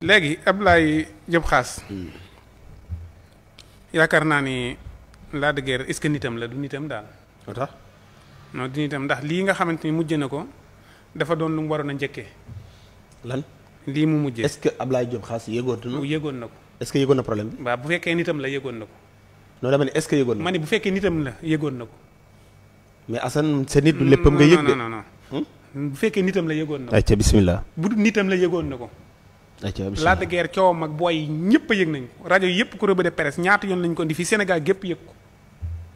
léegi Ablaye Diop xaas yaakaar naa ni Lac de Guiers est-ce nitam la du nitam daal. lu tax non du nitam ndax lii nga xamante ni mujj na ko dafa doon lu mu waroon a njëkkee. lan lii mu mujjee. est-ce que Ablaye Diop Khass yëgoon na. ko. est-ce que yëgoon na problème bi. bu fekkee nitam la yëgoon na ko. non dama ne est ma ne bu fekkee nitam la yëgoon na ko. mais Assane sa nit du léppam mm, nga yëg de. non hmm? bu fekkee nitam la yëgoon na ko. ayca bismillah bu nitam la yëgoon na ko. Lac de Guiers coowam ak booy ñëpp a yëg nañ ko rajo yëpp ko revue de presse ñaata yoon lañ ko indi fii Sénégal gépp yëg ko.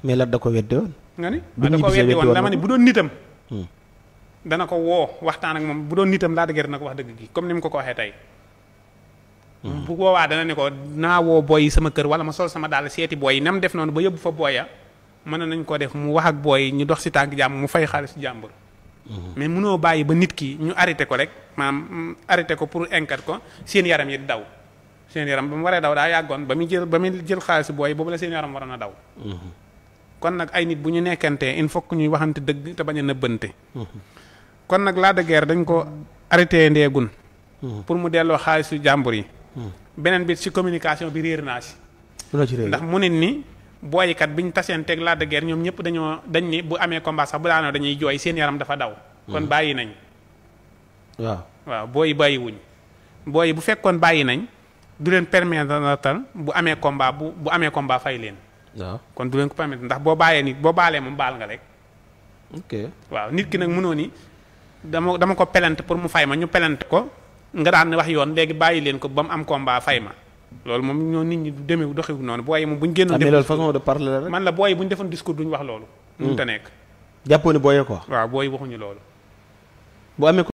mais Lac da ko weddi woon. nga ni da ko weddi woon dama ni bu doon nitam. Hmm. dana ko woo waxtaan ak moom bu doon nitam Lac de wax dëgg gi comme ni mu ko ko waxee tey. Hmm. bu boobaa dana ne ko naa woo booy yi sama kër wala ma sol sama daal seeti booy yi nam def noonu ba yóbbu fa booya mën nañ ko def mu wax ak booy ñu dox si tànk jàmm mu fay xaalis jàmbur mais munoo bàyyi ba nit ki ñu arrêté ko rek maam arrêté ko pour enquête ko seen yaram yi daw seen yaram ba mu waree daw daa yàggoon ba muy jël ba muy jël xaalis booy boobu la seen yaram waroon daw. kon nag ay nit bu ñu nekkantee il faut que ñuy waxante dëgg te bañ a nëbbante. kon nag laa de Guiers dañ ko arrêté ndeegun. pour mu delloo xaalisu jàmbur yi. Hmm. beneen bi ci communication bi réer naa si. ndax mu nit ni booyikat bi ñu taseenteeg Lac de Guiers ñoom ñëpp dañoo dañ ni bu amee combat sax bu daanoo dañuy jooy seen yaram dafa daw. kon mhm. bàyyi nañ. waaw waaw booyi bàyyi booyi bu fekkoon bàyyi nañ du leen permettre na bu amee combat bu bu amee combat fay leen. kon du leen ko permettre ndax boo bàyyee nit boo baalee moom baal nga rek. waaw nit ki nag munoo ni dama dama ko pelante pour mu fay ma ñu pelante ko nga daan wax yoon léegi bàyyi leen ko ba mu am combat fay ma. loolu moom ñoo nit ñi du demeewu doxewu noonu booy moom bu ñu génnoon. Ah, def loolu façon de parler la rek. man la booy yi bu ñu defoon discours duñu wax loolu. Hmm. mënut a nekk. jàppoo ne ko. waaw booy yi waxuñu loolu. bu amee